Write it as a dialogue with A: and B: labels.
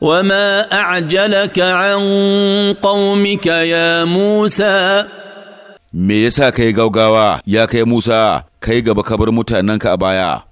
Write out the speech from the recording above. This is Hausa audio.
A: وما أعجلك عن قومك يا موسى
B: me yasa kai gaugawa
A: ya kai Musa kai gaba kabar mutanenka
C: a baya